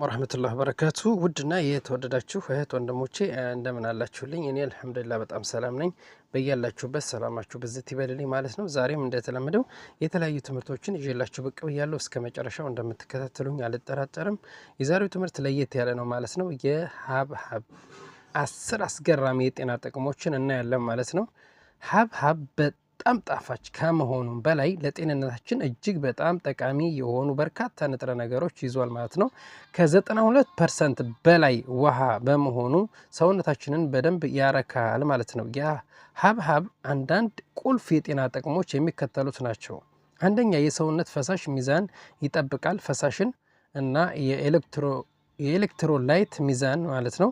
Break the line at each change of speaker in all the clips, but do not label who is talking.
ወረህመቱላህ በረካቱ ውድና የተወደዳችሁ እህት ወንድሞቼ እንደምን አላችሁልኝ? እኔ አልሐምዱሊላ በጣም ሰላም ነኝ። በያላችሁበት ሰላማችሁ ብዝት ይበልልኝ ማለት ነው። ዛሬም እንደተለመደው የተለያዩ ትምህርቶችን ይዤላችሁ ብቅ ብያለሁ። እስከ መጨረሻው እንደምትከታተሉኝ አልጠራጠርም። የዛሬው ትምህርት ለየት ያለ ነው ማለት ነው። የሀብሀብ አስር አስገራሚ የጤና ጥቅሞችን እናያለን ማለት ነው። ሀብሀብ በጣም ጣፋጭ ከመሆኑም በላይ ለጤንነታችን እጅግ በጣም ጠቃሚ የሆኑ በርካታ ንጥረ ነገሮች ይዟል ማለት ነው። ከ92 ፐርሰንት በላይ ውሃ በመሆኑ ሰውነታችንን በደንብ ያረካል ማለት ነው። ሀብሀብ አንዳንድ ቁልፍ የጤና ጥቅሞች የሚከተሉት ናቸው። አንደኛ የሰውነት ፈሳሽ ሚዛን ይጠብቃል። ፈሳሽን እና የኤሌክትሮላይት ሚዛን ማለት ነው።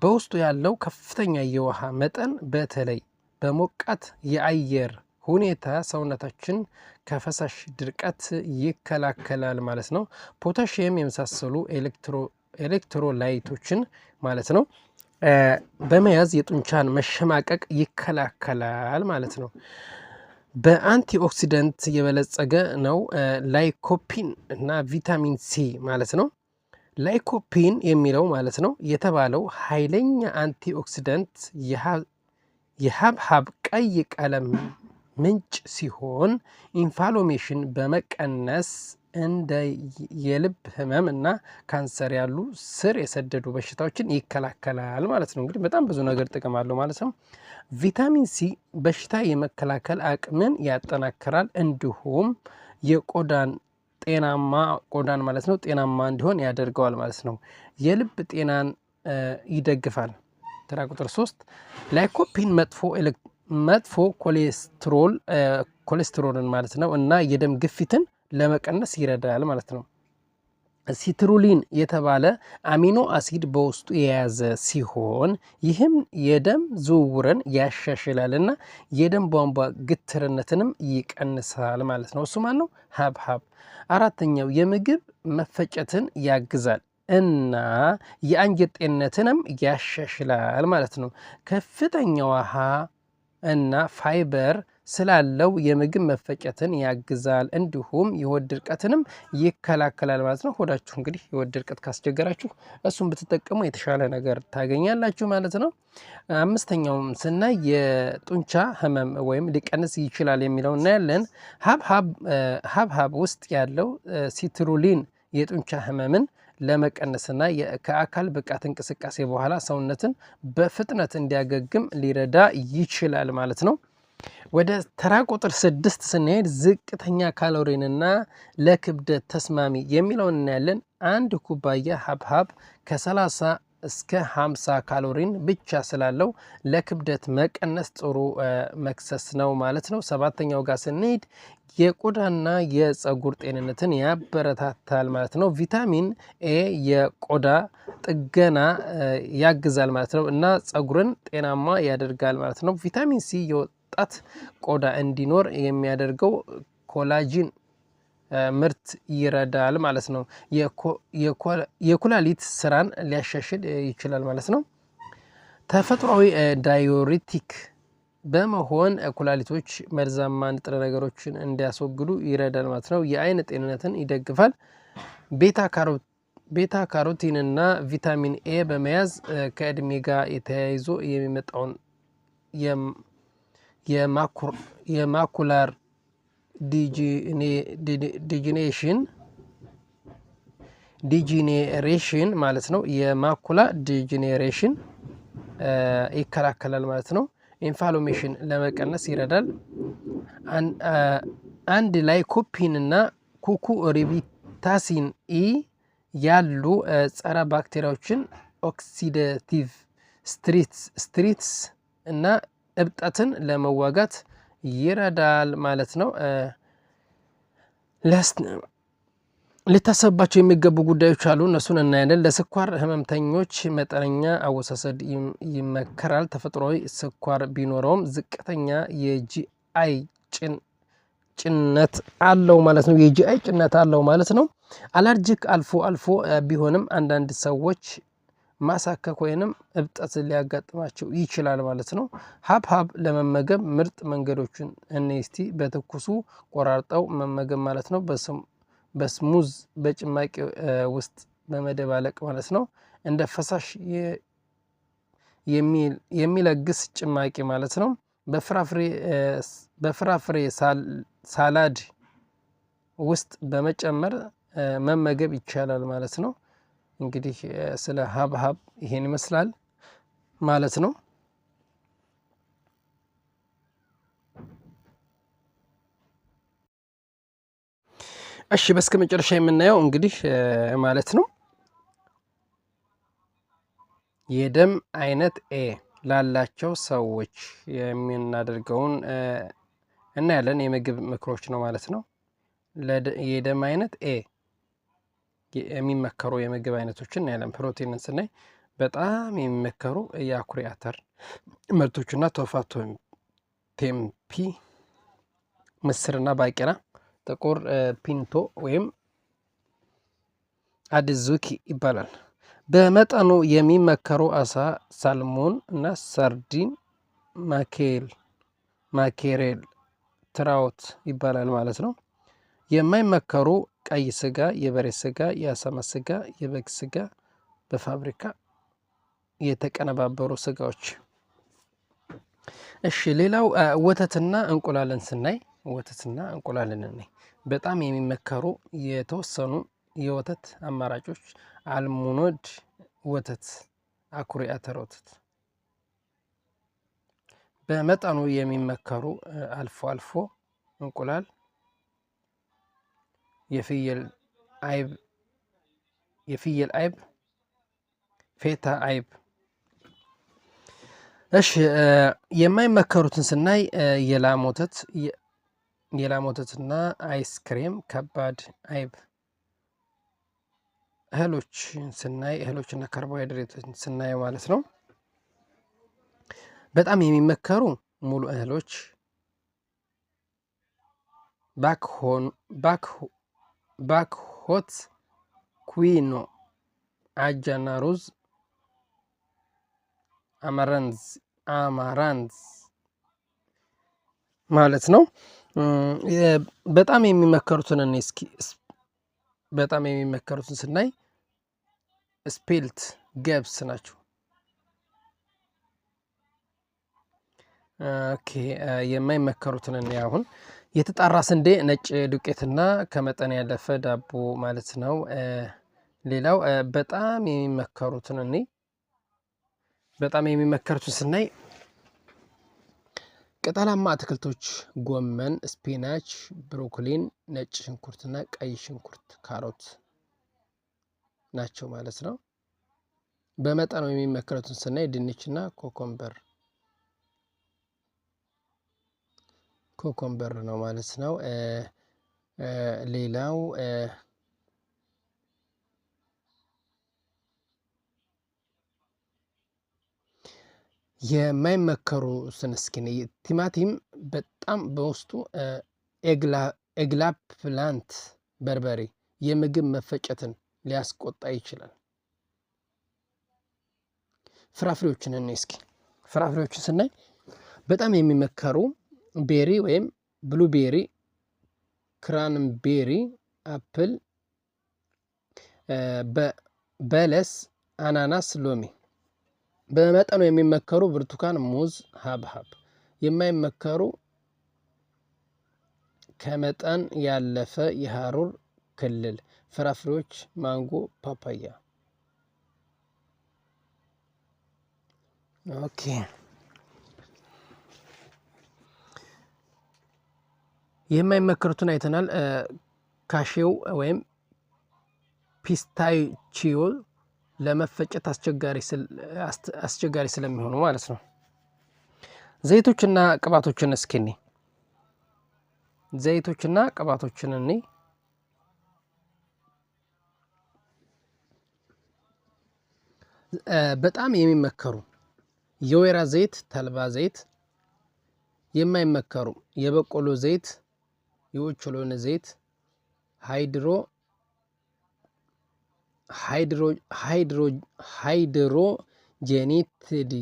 በውስጡ ያለው ከፍተኛ የውሃ መጠን በተለይ በሞቃት የአየር ሁኔታ ሰውነታችን ከፈሳሽ ድርቀት ይከላከላል ማለት ነው። ፖታሽየም የመሳሰሉ ኤሌክትሮላይቶችን ማለት ነው በመያዝ የጡንቻን መሸማቀቅ ይከላከላል ማለት ነው። በአንቲ ኦክሲደንት የበለጸገ ነው። ላይኮፒን እና ቪታሚን ሲ ማለት ነው። ላይኮፔን የሚለው ማለት ነው የተባለው ኃይለኛ አንቲኦክሲደንት የሀብሀብ ቀይ ቀለም ምንጭ ሲሆን ኢንፋሎሜሽን በመቀነስ እንደ የልብ ህመም እና ካንሰር ያሉ ስር የሰደዱ በሽታዎችን ይከላከላል ማለት ነው። እንግዲህ በጣም ብዙ ነገር ጥቅም አለው ማለት ነው። ቪታሚን ሲ በሽታ የመከላከል አቅምን ያጠናክራል፣ እንዲሁም የቆዳን ጤናማ ቆዳን ማለት ነው ጤናማ እንዲሆን ያደርገዋል ማለት ነው። የልብ ጤናን ይደግፋል። ተራ ቁጥር ሶስት ላይኮፒን መጥፎ መጥፎ ኮሌስትሮል ኮሌስትሮልን ማለት ነው እና የደም ግፊትን ለመቀነስ ይረዳል ማለት ነው። ሲትሩሊን የተባለ አሚኖ አሲድ በውስጡ የያዘ ሲሆን ይህም የደም ዝውውርን ያሻሽላልና የደም ቧንቧ ግትርነትንም ይቀንሳል ማለት ነው። እሱ ማን ነው? ሀብሀብ። አራተኛው የምግብ መፈጨትን ያግዛል እና የአንጀት ጤንነትንም ያሻሽላል ማለት ነው። ከፍተኛ ውሃ እና ፋይበር ስላለው የምግብ መፈጨትን ያግዛል። እንዲሁም የሆድ ድርቀትንም ይከላከላል ማለት ነው። ሆዳችሁ እንግዲህ የሆድ ድርቀት ካስቸገራችሁ እሱን ብትጠቀሙ የተሻለ ነገር ታገኛላችሁ ማለት ነው። አምስተኛውም ስናይ የጡንቻ ህመም ወይም ሊቀንስ ይችላል የሚለው እናያለን። ሀብሀብ ውስጥ ያለው ሲትሩሊን የጡንቻ ህመምን ለመቀነስና ከአካል ብቃት እንቅስቃሴ በኋላ ሰውነትን በፍጥነት እንዲያገግም ሊረዳ ይችላል ማለት ነው። ወደ ተራ ቁጥር ስድስት ስንሄድ ዝቅተኛ ካሎሪንና ለክብደት ተስማሚ የሚለውን እናያለን። አንድ ኩባያ ሀብሀብ ከ30 እስከ 50 ካሎሪን ብቻ ስላለው ለክብደት መቀነስ ጥሩ መክሰስ ነው ማለት ነው። ሰባተኛው ጋር ስንሄድ የቆዳና የፀጉር ጤንነትን ያበረታታል ማለት ነው። ቪታሚን ኤ የቆዳ ጥገና ያግዛል ማለት ነው እና ፀጉርን ጤናማ ያደርጋል ማለት ነው። ቪታሚን ሲ ወጣት ቆዳ እንዲኖር የሚያደርገው ኮላጂን ምርት ይረዳል ማለት ነው። የኩላሊት ስራን ሊያሻሽል ይችላል ማለት ነው። ተፈጥሯዊ ዳዩሪቲክ በመሆን ኩላሊቶች መርዛማ ንጥረ ነገሮችን እንዲያስወግዱ ይረዳል ማለት ነው። የአይን ጤንነትን ይደግፋል። ቤታ ካሮቲንና ቪታሚን ኤ በመያዝ ከእድሜ ጋር የተያይዞ የሚመጣውን የማኩላር ዲጂኔሽን ዲጂኔሬሽን ማለት ነው። የማኩላ ዲጂኔሬሽን ይከላከላል ማለት ነው። ኢንፋሎሜሽን ለመቀነስ ይረዳል። አንድ ላይ ኮፒን እና ኩኩ ሪቪታሲን ኢ ያሉ ጸረ ባክቴሪያዎችን ኦክሲደቲቭ ስትሪትስ እና እብጠትን ለመዋጋት ይረዳል ማለት ነው። ሊታሰብባቸው የሚገቡ ጉዳዮች አሉ። እነሱን እናያለን። ለስኳር ህመምተኞች መጠነኛ አወሳሰድ ይመከራል። ተፈጥሯዊ ስኳር ቢኖረውም ዝቅተኛ የጂአይ ጭነት አለው ማለት ነው። የጂአይ ጭነት አለው ማለት ነው። አለርጂክ አልፎ አልፎ ቢሆንም አንዳንድ ሰዎች ማሳከክ ወይንም እብጠት ሊያጋጥማቸው ይችላል ማለት ነው። ሀብሀብ ለመመገብ ምርጥ መንገዶችን እኔስቲ በትኩሱ ቆራርጠው መመገብ ማለት ነው። በስሙዝ በጭማቂ ውስጥ በመደባለቅ ማለት ነው። እንደ ፈሳሽ የሚለግስ ጭማቂ ማለት ነው። በፍራፍሬ ሳላድ ውስጥ በመጨመር መመገብ ይቻላል ማለት ነው። እንግዲህ ስለ ሀብሀብ ይሄን ይመስላል ማለት ነው። እሺ በስከ መጨረሻ የምናየው እንግዲህ ማለት ነው የደም አይነት ኤ ላላቸው ሰዎች የምናደርገውን እናያለን። የምግብ ምክሮች ነው ማለት ነው። የደም አይነት ኤ የሚመከሩ የምግብ አይነቶችን እናያለን። ፕሮቲንን ስናይ በጣም የሚመከሩ የአኩሪ አተር ምርቶችና ቶፋቶ፣ ቴምፒ፣ ምስርና ባቄላ፣ ጥቁር ፒንቶ ወይም አድዙኪ ይባላል። በመጠኑ የሚመከሩ አሳ፣ ሳልሞን እና ሳርዲን፣ ማኬል ማኬሬል፣ ትራውት ይባላል ማለት ነው። የማይመከሩ ቀይ ስጋ፣ የበሬ ስጋ፣ የአሳማ ስጋ፣ የበግ ስጋ በፋብሪካ የተቀነባበሩ ስጋዎች። እሺ ሌላው ወተትና እንቁላልን ስናይ ወተትና እንቁላልን እኔ በጣም የሚመከሩ የተወሰኑ የወተት አማራጮች አልሙኖድ ወተት፣ አኩሪ አተር ወተት በመጠኑ የሚመከሩ አልፎ አልፎ እንቁላል የፍየል አይብ የፍየል አይብ ፌታ አይብ። እሺ የማይመከሩትን ስናይ የላም ወተት የላም ወተትና አይስክሬም፣ ከባድ አይብ። እህሎች ስናይ እህሎችና ካርቦሃይድሬቶችን ስናየው ማለት ነው በጣም የሚመከሩ ሙሉ እህሎች ባክ ባክሆት፣ ኩዊኖ፣ አጃና ሩዝ፣ አማራንዝ አማራንዝ ማለት ነው። በጣም የሚመከሩትን እኔ እስኪ በጣም የሚመከሩትን ስናይ ስፔልት ገብስ ናቸው። ኦኬ የማይመከሩትን እኔ አሁን የተጣራ ስንዴ፣ ነጭ ዱቄትና ከመጠን ያለፈ ዳቦ ማለት ነው። ሌላው በጣም የሚመከሩትን እኔ በጣም የሚመከሩትን ስናይ ቅጠላማ አትክልቶች ጎመን፣ ስፒናች፣ ብሮኮሊን፣ ነጭ ሽንኩርትና ቀይ ሽንኩርት፣ ካሮት ናቸው ማለት ነው። በመጠኑ የሚመከሩትን ስናይ ድንችና ኮኮምበር ኮኮምበር ነው ማለት ነው። ሌላው የማይመከሩ ስንስኪን ቲማቲም በጣም በውስጡ ኤግላፕላንት ፕላንት በርበሬ የምግብ መፈጨትን ሊያስቆጣ ይችላል። ፍራፍሬዎችን እኔ እስኪ ፍራፍሬዎችን ስናይ በጣም የሚመከሩ ቤሪ ወይም ብሉቤሪ፣ ክራንቤሪ፣ አፕል፣ በለስ፣ አናናስ፣ ሎሚ። በመጠኑ የሚመከሩ ብርቱካን፣ ሙዝ፣ ሀብሀብ። የማይመከሩ ከመጠን ያለፈ የሐሩር ክልል ፍራፍሬዎች ማንጎ፣ ፓፓያ። ኦኬ የማይመከሩትን አይተናል። ካሼው ወይም ፒስታቺዮ ለመፈጨት አስቸጋሪ ስለሚሆኑ ማለት ነው። ዘይቶችና ቅባቶችን እስኪኒ ዘይቶችና ቅባቶችን እኔ በጣም የሚመከሩ የወይራ ዘይት፣ ተልባ ዘይት የማይመከሩ የበቆሎ ዘይት የኦቾሎኒ ዘይት ሃይድሮ ጄኔትድ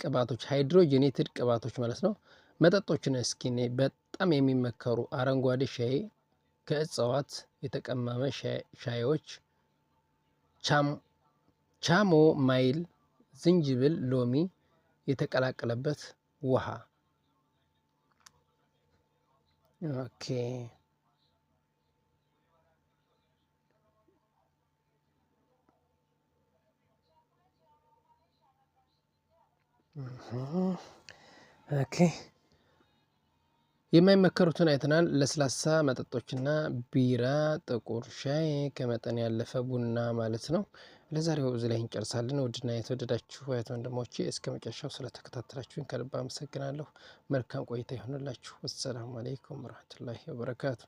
ቅባቶች ሃይድሮጄኔትድ ቅባቶች ማለት ነው። መጠጦችን እስኪ እኔ በጣም የሚመከሩ አረንጓዴ ሻይ ከእጽዋት የተቀመመ ሻዮች፣ ቻሞ ማይል፣ ዝንጅብል፣ ሎሚ የተቀላቀለበት ውሃ Okay. ኦኬ uh-huh. የማይመከሩትን አይተናል። ለስላሳ መጠጦችና ቢራ፣ ጥቁር ሻይ፣ ከመጠን ያለፈ ቡና ማለት ነው። ለዛሬው በዚህ ላይ እንጨርሳለን። ውድና የተወደዳችሁ እህት ወንድሞቼ እስከ መጨረሻው ስለተከታተላችሁኝ ከልብ አመሰግናለሁ። መልካም ቆይታ ይሆንላችሁ። ወሰላሙ አሌይኩም ወረህመቱላሂ ወበረካቱ።